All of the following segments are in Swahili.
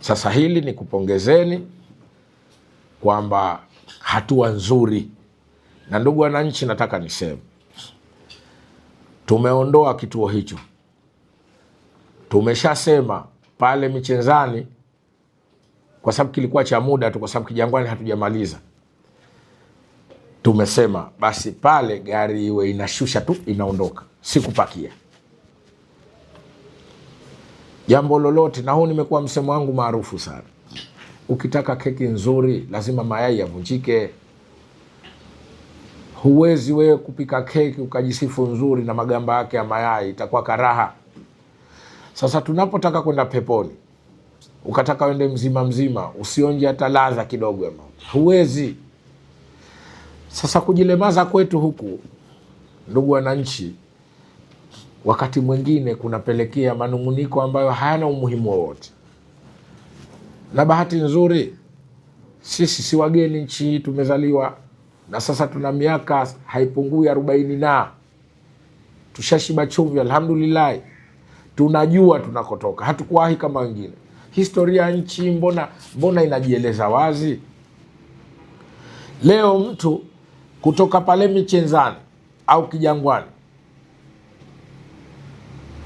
Sasa hili ni kupongezeni kwamba hatua nzuri. Na ndugu wananchi, nataka niseme tumeondoa kituo hicho. Tumeshasema pale Michenzani kwa sababu kilikuwa cha muda tu, kwa sababu Kijangwani hatujamaliza. Tumesema basi pale gari iwe inashusha tu, inaondoka, sikupakia kupakia jambo lolote, na huu nimekuwa msemo wangu maarufu sana. Ukitaka keki nzuri, lazima mayai yavunjike. Huwezi wewe kupika keki ukajisifu nzuri na magamba yake ya mayai, itakuwa karaha. Sasa tunapotaka kwenda peponi, ukataka uende mzima mzima, usionje hata ladha kidogo ya huwezi. Sasa kujilemaza kwetu huku, ndugu wananchi wakati mwingine kunapelekea manung'uniko ambayo hayana umuhimu wowote. Na bahati nzuri sisi si wageni nchi hii, tumezaliwa na sasa tuna miaka haipungui arobaini na tushashiba chumvi, alhamdulillahi. Tunajua tunakotoka, hatukuwahi kama wengine. Historia ya nchi mbona, mbona inajieleza wazi. Leo mtu kutoka pale Michenzani au Kijangwani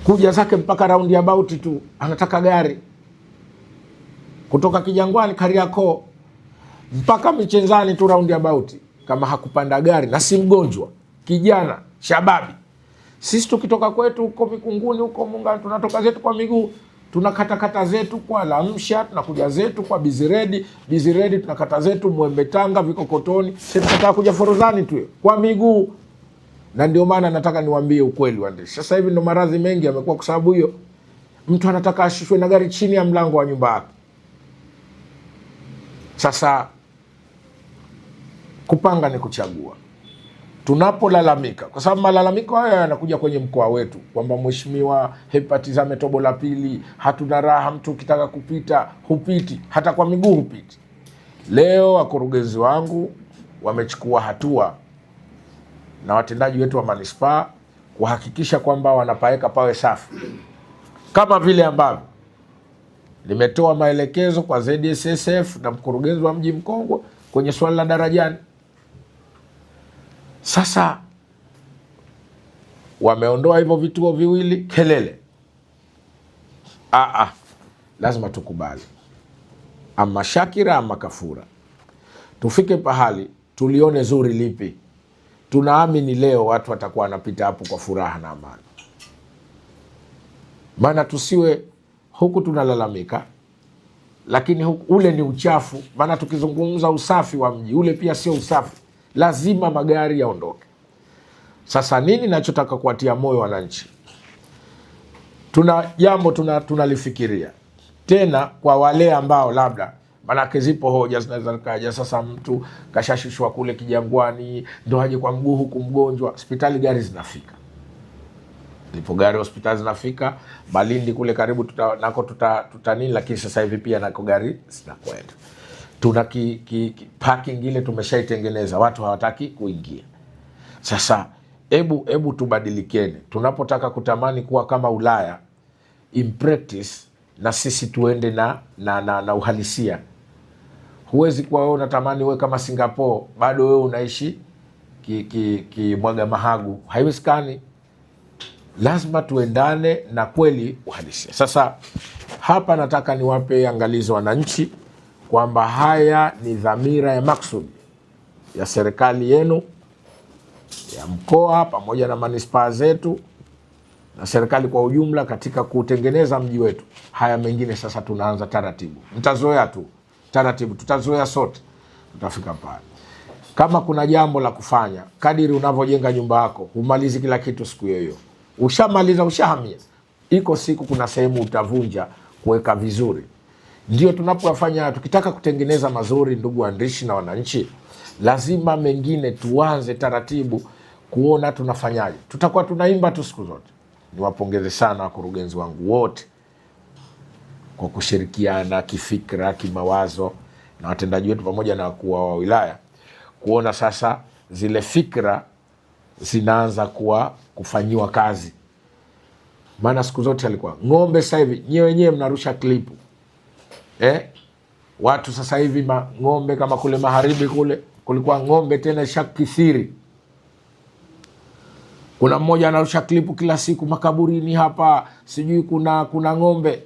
kuja zake mpaka raundi about tu anataka gari kutoka Kijangwani Kariakoo mpaka Michenzani tu raundi about, kama hakupanda gari na si mgonjwa, kijana shababi. Sisi tukitoka kwetu huko Mikunguni huko Munga, tunatoka zetu kwa miguu, tunakata kata zetu kwa Lamsha, tunakuja zetu kwa Biziredi, Biziredi tunakata zetu Mwembe Tanga, Vikokotoni, tunataka kuja Forodhani tu kwa miguu na ndio maana nataka niwaambie ukweli waandishi. Sasa hivi ndo maradhi mengi yamekuwa kwa sababu hiyo, mtu anataka ashushwe na gari chini ya mlango wa nyumba yake. Sasa kupanga ni kuchagua. Tunapolalamika, kwa sababu malalamiko haya yanakuja kwenye mkoa wetu kwamba mheshimiwa, hepatizame tobo la pili, hatuna raha, mtu ukitaka kupita hupiti, hata kwa miguu hupiti. Leo wakurugenzi wangu wamechukua hatua na watendaji wetu wa manispaa kuhakikisha kwamba wanapaweka pawe safi, kama vile ambavyo nimetoa maelekezo kwa ZSSF na mkurugenzi wa mji Mkongwe kwenye swala la darajani. Sasa wameondoa hivyo vituo viwili, kelele. Aa, ah, ah, lazima tukubali, ama Shakira ama Kafura, tufike pahali tulione zuri lipi tunaamini leo watu watakuwa wanapita hapo kwa furaha na amani. Maana tusiwe huku tunalalamika, lakini huku, ule ni uchafu. Maana tukizungumza usafi wa mji ule pia sio usafi, lazima magari yaondoke. Sasa nini nachotaka kuwatia moyo wananchi, tuna jambo tunalifikiria tuna tena, kwa wale ambao labda Maanake zipo hoja zinaweza zikaja. Sasa mtu kashashushwa kule Kijangwani, ndo aje kwa mguu huku mgonjwa. Hospitali gari zinafika, zipo gari hospitali zinafika. Malindi kule karibu tuta, nako tuta, tuta nini, lakini sasa hivi pia nako gari zinakwenda. Tuna ki, ki, ki, parking ile tumeshaitengeneza, watu hawataki kuingia. Sasa ebu ebu tubadilikene, tunapotaka kutamani kuwa kama Ulaya in practice, na sisi tuende na, na, na, na uhalisia Huwezi kuwa wewe unatamani wewe kama Singapore, bado wewe unaishi kimwaga ki, ki, mahagu. Haiwezekani, lazima tuendane na kweli uhalisia. Sasa hapa nataka niwape angalizo wananchi kwamba haya ni dhamira ya maksudi ya serikali yenu ya mkoa pamoja na manispaa zetu na serikali kwa ujumla katika kutengeneza mji wetu. Haya mengine sasa tunaanza taratibu, mtazoea tu taratibu, tutazoea sote, tutafika pale. Kama kuna jambo la kufanya, kadiri unavyojenga nyumba yako, humalizi kila kitu siku hiyo hiyo. Ushamaliza, ushahamia, iko siku, kuna sehemu utavunja kuweka vizuri. Ndio tunapoyafanya tukitaka kutengeneza mazuri, ndugu waandishi na wananchi, lazima mengine tuanze taratibu kuona tunafanyaje. Tutakuwa tunaimba tu siku zote. Niwapongeze sana wakurugenzi wangu wote kwa kushirikiana kifikra, kimawazo na watendaji wetu pamoja na wakuu wa wilaya kuona sasa zile fikra zinaanza kuwa kufanyiwa kazi. Maana siku zote alikuwa ng'ombe, sasa hivi nyewe wenyewe mnarusha klipu eh? Watu sasa hivi ng'ombe kama kule magharibi kule kulikuwa ng'ombe tena kithiri Kuna mmoja anarusha klipu kila siku makaburini hapa, sijui kuna kuna ng'ombe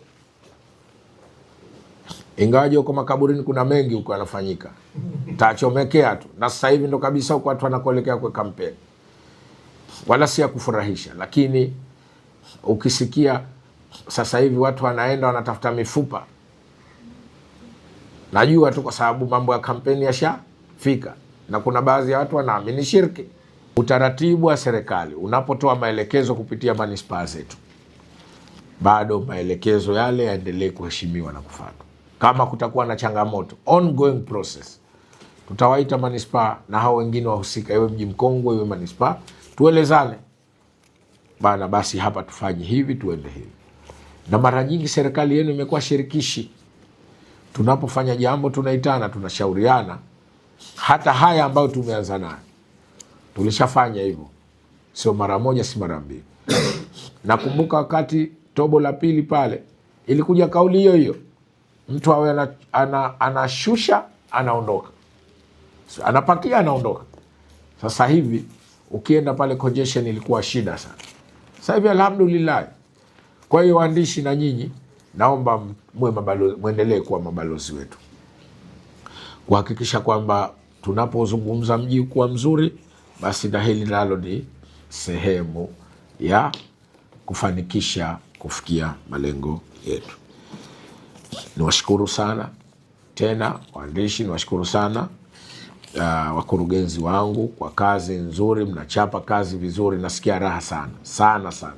ingawaje huko makaburini kuna mengi huko yanafanyika, tachomekea tu, na sasa hivi ndo kabisa huko watu wanakuelekea kwa kampeni, wala si ya kufurahisha. Lakini ukisikia sasa hivi watu wanaenda wanatafuta mifupa, najua tu kwa sababu mambo ya kampeni yashafika, na kuna baadhi ya watu wanaamini shirki. Utaratibu wa serikali unapotoa maelekezo kupitia manispaa zetu, bado maelekezo yale yaendelee kuheshimiwa na kufuatwa kama kutakuwa na changamoto, ongoing process, tutawaita manispaa na hao wengine wahusika, iwe mji mkongwe, iwe manispaa, tuelezane bana, basi hapa tufanye hivi, tuende hivi. Na mara nyingi serikali yenu imekuwa shirikishi, tunapofanya jambo tunaitana, tunashauriana. Hata haya ambayo tumeanza nayo tulishafanya hivyo, sio mara moja, si mara mbili. Nakumbuka wakati tobo la pili pale ilikuja kauli hiyo hiyo mtu awe ana, ana, anashusha anaondoka, anapakia anaondoka. Sasa hivi ukienda pale congestion ilikuwa shida sana, sasa hivi alhamdulillah. Kwa hiyo waandishi na nyinyi, naomba mwe mabalozi, mwendelee kuwa mabalozi wetu kuhakikisha kwamba tunapozungumza mji kuwa mzuri, basi na hili nalo ni sehemu ya kufanikisha kufikia malengo yetu. Niwashukuru sana tena waandishi, niwashukuru sana uh, wakurugenzi wangu kwa kazi nzuri, mnachapa kazi vizuri, nasikia raha sana sana sana.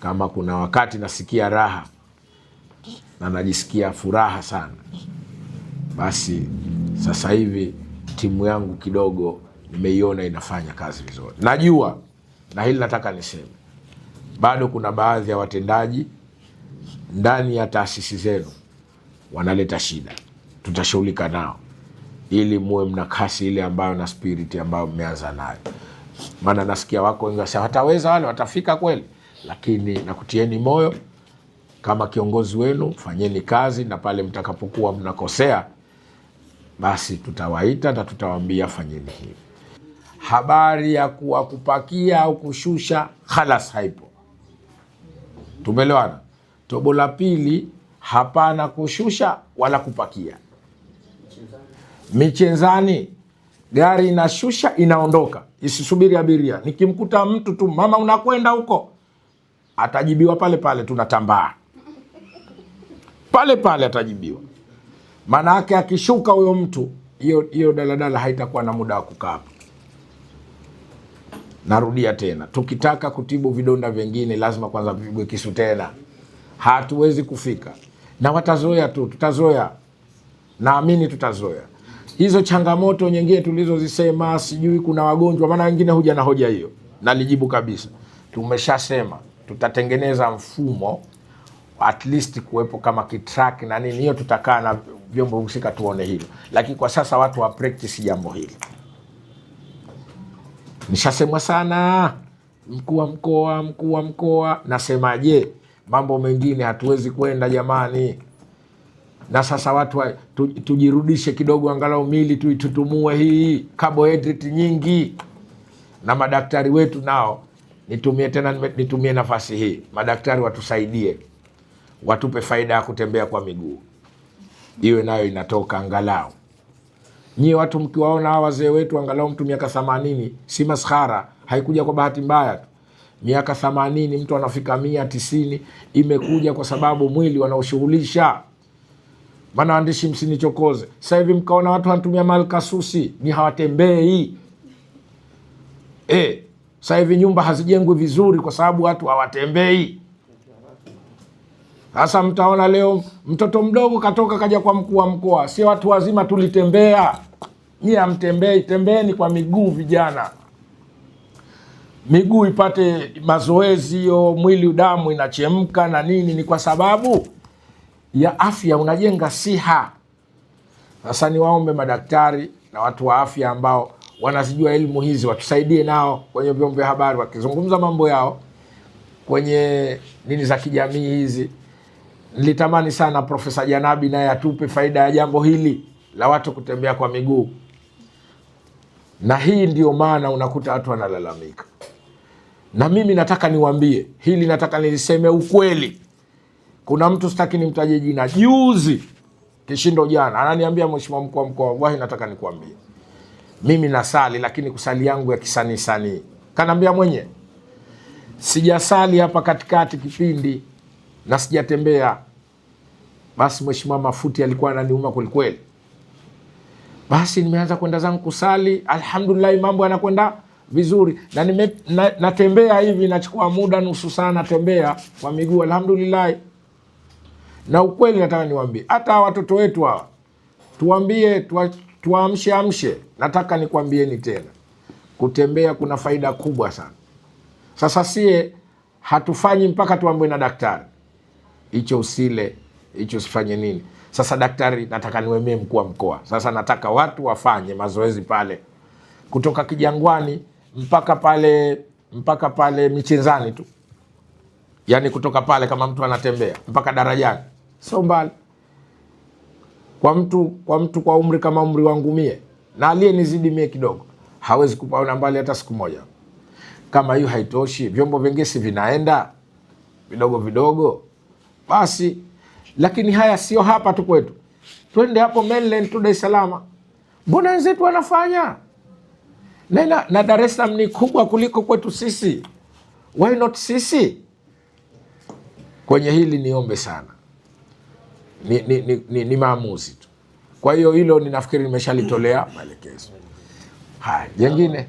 Kama kuna wakati nasikia raha na najisikia furaha sana, basi sasa hivi timu yangu kidogo nimeiona inafanya kazi vizuri. Najua na hili nataka niseme, bado kuna baadhi ya watendaji ndani ya taasisi zenu wanaleta shida, tutashughulika nao ili muwe mna kasi ile ambayo na spirit ambayo mmeanza nayo. Maana nasikia wako wengi wasema wataweza, wale watafika kweli, lakini nakutieni moyo kama kiongozi wenu, fanyeni kazi, na pale mtakapokuwa mnakosea, basi tutawaita na tutawaambia fanyeni hivi. Habari ya kuwa kupakia au kushusha, halas, haipo. Tumeelewana? Tobo la pili hapana kushusha wala kupakia. Michenzani gari inashusha inaondoka, isisubiri abiria. Nikimkuta mtu tu, mama unakwenda huko, atajibiwa pale pale, tunatambaa pale pale, atajibiwa. Maana yake akishuka huyo mtu, hiyo hiyo daladala haitakuwa na muda wa kukaa Narudia tena, tukitaka kutibu vidonda vingine lazima kwanza vipigwe kisu tena hatuwezi kufika, na watazoea tu, tutazoea, naamini tutazoea hizo changamoto nyingine tulizozisema, sijui kuna wagonjwa, maana wengine huja na hoja hiyo, nalijibu kabisa. Tumeshasema tutatengeneza mfumo at least kuwepo kama kitrack na nini, hiyo tutakaa na vyombo husika tuone hilo, lakini kwa sasa watu wa practice jambo hili. Nishasemwa sana, mkuu wa mkoa, mkuu wa mkoa, nasemaje? mambo mengine hatuwezi kwenda jamani. Na sasa watu tu, tujirudishe kidogo, angalau mili tuitutumue hii carbohydrate nyingi. Na madaktari wetu nao, nitumie tena, nitumie nafasi hii, madaktari watusaidie, watupe faida ya kutembea kwa miguu, iwe nayo inatoka angalau. Nyie watu mkiwaona hawa wazee wetu, angalau mtu miaka themanini, si maskhara, haikuja kwa bahati mbaya tu miaka themanini, mtu anafika mia tisini. Imekuja kwa sababu mwili wanaoshughulisha maana waandishi, msinichokoze sasa hivi mkaona watu wanatumia malkasusi ni hawatembei. E, sasa hivi nyumba hazijengwi vizuri kwa sababu watu hawatembei. Sasa mtaona leo mtoto mdogo katoka kaja kwa mkuu wa mkoa, si watu wazima tulitembea. Ni amtembei tembeeni kwa miguu vijana miguu ipate mazoezi, hiyo mwili damu inachemka na nini, ni kwa sababu ya afya, unajenga siha. Sasa ni waombe madaktari na watu wa afya ambao wanazijua elimu hizi watusaidie nao kwenye vyombo vya habari, wakizungumza mambo yao kwenye nini za kijamii hizi. Nilitamani sana Profesa Janabi naye atupe faida ya jambo hili la watu kutembea kwa miguu, na hii ndiyo maana unakuta watu wanalalamika. Na mimi nataka niwambie hili, nataka niliseme ukweli. Kuna mtu sitaki nimtaje jina, juzi kishindo, jana ananiambia, mheshimiwa mkuu wa mkoa, wa wahi, nataka nikuambie mimi nasali, lakini kusali yangu ya kisanii sanii, kanaambia mwenye sijasali hapa katikati kipindi na sijatembea. Basi mheshimiwa Mafuti alikuwa ananiuma kwelikweli. Basi nimeanza kwenda zangu kusali, alhamdulillahi, mambo yanakwenda vizuri na nime, na, natembea hivi nachukua muda nusu saa natembea kwa miguu alhamdulillahi. Na ukweli nataka niwaambie hata watoto wetu hawa tuwambie, tuwaamshe amshe. Nataka nikwambieni tena, kutembea kuna faida kubwa sana. Sasa sie hatufanyi mpaka tuambiwe na daktari, hicho usile, hicho usifanye nini. Sasa daktari, nataka niwemee mkuu wa mkoa, sasa nataka watu wafanye mazoezi pale kutoka Kijangwani mpaka pale mpaka pale Michinzani tu, yaani kutoka pale kama mtu anatembea mpaka darajani sio mbali kwa mtu kwa mtu kwa umri kama umri wangu mie na aliyenizidi mie kidogo hawezi kupaona mbali hata siku moja. Kama hiyo haitoshi, vyombo si vinaenda vidogo vidogo basi. Lakini haya sio hapa tu kwetu, twende hapo mainland tu Dar es Salaam, mbona wenzetu wanafanya? na, na Dar es Salaam ni kubwa kuliko kwetu sisi, why not sisi? Kwenye hili niombe sana, ni, ni, ni, ni, ni maamuzi tu. Kwa hiyo hilo ninafikiri nimeshalitolea maelekezo haya. Jengine